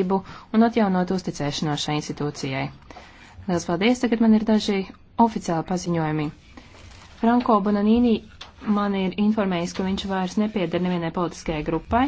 sadarbību un atjaunot uzticēšanos šai institūcijai. Lielas paldies, tagad man ir daži oficiāli paziņojumi. Franko Bonanīni man ir informējis, ka viņš vairs nepieder nevienai politiskajai grupai,